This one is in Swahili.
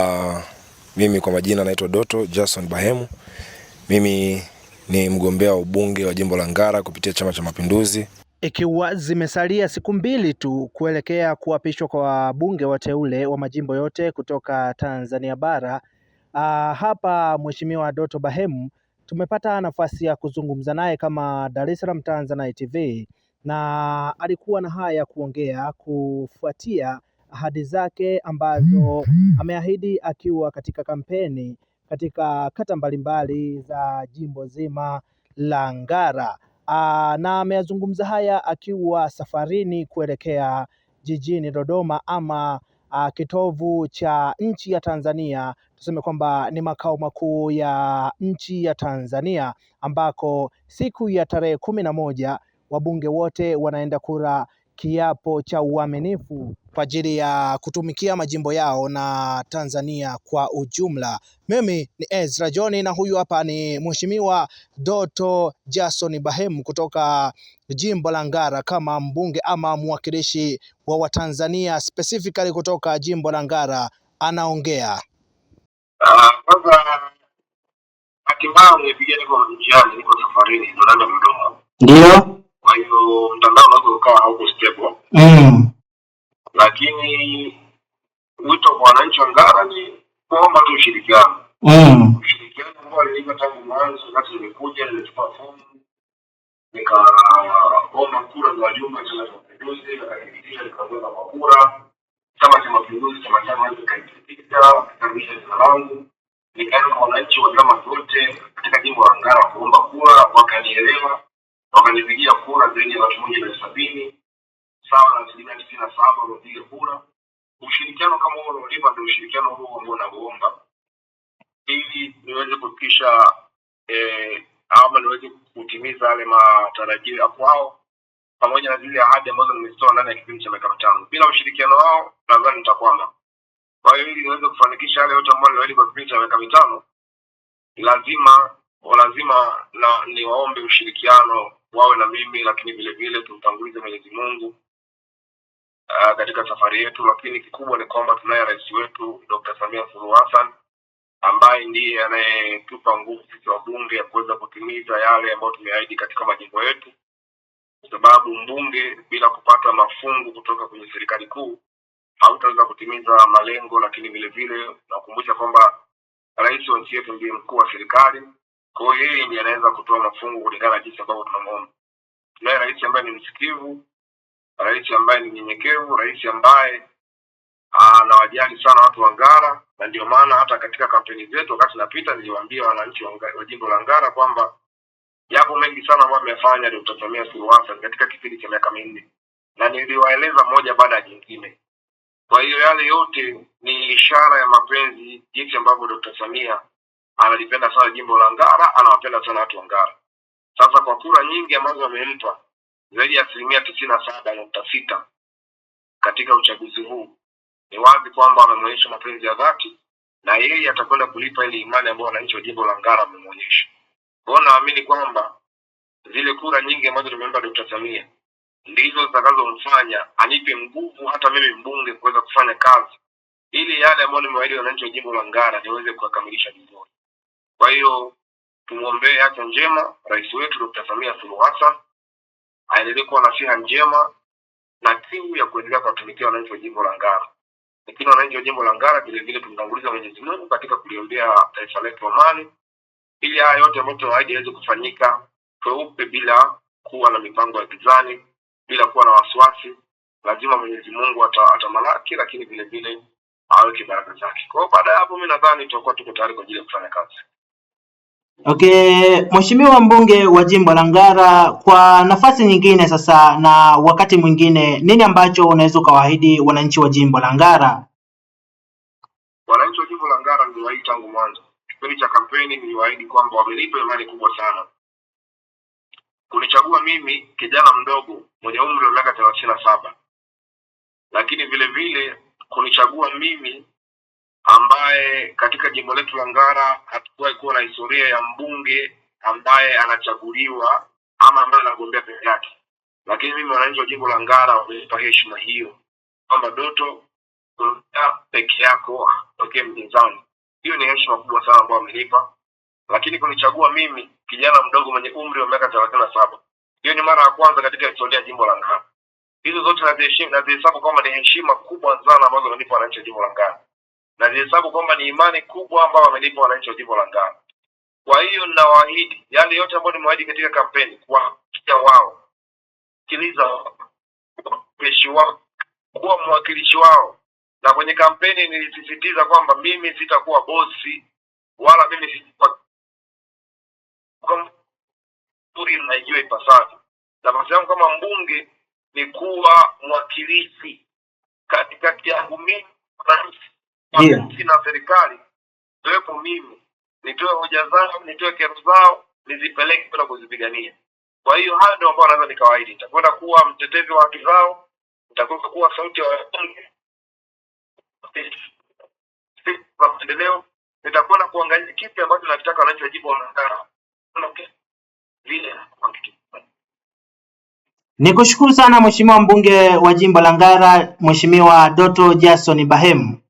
Uh, mimi kwa majina naitwa Doto Jason Bahemu. Mimi ni mgombea wa ubunge wa jimbo la Ngara kupitia Chama cha Mapinduzi. Ikiwa zimesalia siku mbili tu kuelekea kuapishwa kwa wabunge wateule wa majimbo yote kutoka Tanzania bara, uh, hapa Mheshimiwa Doto Bahemu tumepata nafasi ya kuzungumza naye kama Dar es Salaam Tanzania TV, na alikuwa na haya ya kuongea kufuatia ahadi zake ambazo mm-hmm. ameahidi akiwa katika kampeni katika kata mbalimbali za jimbo zima la Ngara. Aa, na ameyazungumza haya akiwa safarini kuelekea jijini Dodoma ama aa, kitovu cha nchi ya Tanzania, tuseme kwamba ni makao makuu ya nchi ya Tanzania, ambako siku ya tarehe kumi na moja wabunge wote wanaenda kura kiapo cha uaminifu kwa ajili ya kutumikia majimbo yao na Tanzania kwa ujumla. Mimi ni Ezra John na huyu hapa ni Mheshimiwa Doto Jason Bahemu kutoka jimbo la Ngara kama mbunge ama mwakilishi wa Watanzania specifically kutoka jimbo la Ngara anaongea. Ah, Kwanza kwa Ndio ukawa hauko stable mm. Lakini wito kwa wananchi wa Ngara ni kuomba tu ushirikiano mm. ushirikiano mm. nilivyo tangu mwanzo, kati nimekuja nimechukua fomu nikaomba kura za wajumba Chama cha Mapinduzi, nikakipitisha nikaongoza kwa kura Chama cha Mapinduzi, Chama Chama nikakipitisha kikarudisha jina langu, nikaenda kwa wananchi wa vyama vyote katika jimbo la Ngara kuomba kura, wakanielewa wakanipigia kura zaidi ya watu moja na sabini sawa na asilimia tisini na saba wamepiga kura. Ushirikiano kama huo unaolipa ndio ushirikiano huo ambao nauomba ili niweze kufikisha eh, ama niweze kutimiza yale matarajio ya kwao pamoja na zile ahadi ambazo nimezitoa ndani ya kipindi cha miaka mitano. Bila ushirikiano wao, nadhani nitakwama. Kwa hiyo, ili niweze kufanikisha yale yote ambayo niliahidi kwa kipindi cha miaka mitano, lazima lazima na niwaombe ushirikiano wawe na mimi, lakini vile vile tumtangulize Mwenyezi Mungu ah, katika safari yetu. Lakini kikubwa ni kwamba tunaye rais wetu Dr. Samia Suluhu Hassan ambaye ndiye anayetupa nguvu sisi wabunge ya kuweza kutimiza yale ambayo tumeahidi katika majimbo yetu, kwa sababu mbunge bila kupata mafungu kutoka kwenye serikali kuu hautaweza kutimiza malengo. Lakini vile vile nakumbusha kwamba rais wa nchi yetu ndiye mkuu wa serikali kwa hiyo yeye ndiye anaweza kutoa mafungu kulingana na jinsi ambavyo tunamwona. Tunaye rais ambaye ni msikivu, rais ambaye ni mnyenyekevu, rais ambaye anawajali sana watu wa Ngara, na ndio maana hata katika kampeni zetu, wakati napita, niliwaambia wananchi wa Nga- wa jimbo la Ngara kwamba yapo mengi sana ambayo amefanya Dkt. Samia Suluhu Hassan katika kipindi cha miaka minne, na niliwaeleza moja baada ya jingine. Kwa hiyo yale yote ni ishara ya mapenzi, jinsi ambavyo Dkt. Samia analipenda sana jimbo la Ngara wanapenda sana watu wa Ngara. Sasa kwa kura nyingi ambazo wamempa zaidi ya asilimia tisini na saba nukta sita katika uchaguzi huu, ni wazi kwamba wamemwonyesha mapenzi ya dhati na yeye atakwenda kulipa ile imani ambayo wananchi wa jimbo la Ngara wamemwonyesha. Kwao naamini kwamba zile kura nyingi ambazo tumempa Dkt. Samia ndizo zitakazomfanya anipe nguvu hata mimi mbunge kuweza kufanya kazi ili yale ambayo nimewaahidi wananchi wa jimbo la Ngara niweze kuyakamilisha vizuri. Kwa hiyo tumwombee afya njema rais wetu Dr. Samia Suluhu Hassan, aendelee kuwa na siha njema na kiu ya kuendelea kuwatumikia wananchi wa jimbo la Ngara. Lakini wananchi wa jimbo la Ngara vile vile tumtanguliza Mwenyezi Mungu katika kuliombea taifa letu amani, ili haya yote ambayo tumeahidi yaweze kufanyika kweupe, bila kuwa na mipango ya kizani, bila kuwa na wasiwasi. Lazima Mwenyezi Mungu atamalaki, lakini vile vile aweke baraka zake. Kwa hiyo baada ya hapo, mimi nadhani tutakuwa tuko tayari kwa ajili ya kufanya kazi. Okay, Mheshimiwa mbunge wa jimbo la Ngara, kwa nafasi nyingine sasa na wakati mwingine, nini ambacho unaweza ukawaahidi wananchi wa jimbo la Ngara? Wananchi wa jimbo la Ngara niliwaahidi tangu mwanzo kipindi cha kampeni, niliwaahidi kwamba wamenipa imani kubwa sana kunichagua mimi kijana mdogo mwenye umri wa miaka saba, lakini vile vile kunichagua mimi ambaye katika jimbo letu la Ngara hatukuwahi kuwa na historia ya mbunge ambaye anachaguliwa ama ambaye anagombea peke yake, lakini mimi wananchi wa jimbo la Ngara wamenipa heshima hiyo kwamba Doto peke yako tokee mpinzani. Hiyo ni heshima kubwa sana ambayo amenipa, lakini kunichagua mimi kijana mdogo mwenye umri wa miaka thelathini na saba hiyo ni mara ya kwanza katika historia ya jimbo la Ngara. Hizo zote nazihesabu kwamba ni heshima kubwa sana ambazo wananipa wananchi wa jimbo la Ngara na nilihesabu kwamba ni imani kubwa ambayo wamelipa wananchi wa jimbo la Ngara. Kwa hiyo ninawaahidi yale yote ambayo nimewaahidi katika kampeni, kuwafikia wao, sikiliza mweshi wao, kuwa mwakilishi wao, na kwenye kampeni nilisisitiza kwamba mimi sitakuwa bosi wala mimi sitakuwa naijua ipasavyo. Nafasi yangu kama mbunge ni kuwa mwakilishi katikati yangu mimi wananchi yeah. na serikali, ikiwepo mimi, nitoe hoja zao, nitoe kero zao, nizipeleke kwenda kuzipigania. Kwa hiyo hayo ndio ambayo naweza nikawaahidi. Nitakwenda kuwa mtetezi wa haki zao, nitakwenda kuwa sauti ya wanyonge wa maendeleo, nitakwenda kuangalia kipi ambacho nakitaka wananchi wa jimbo vile ni kushukuru sana Mheshimiwa mbunge wa jimbo la Ngara Mheshimiwa Doto Jason Bahemu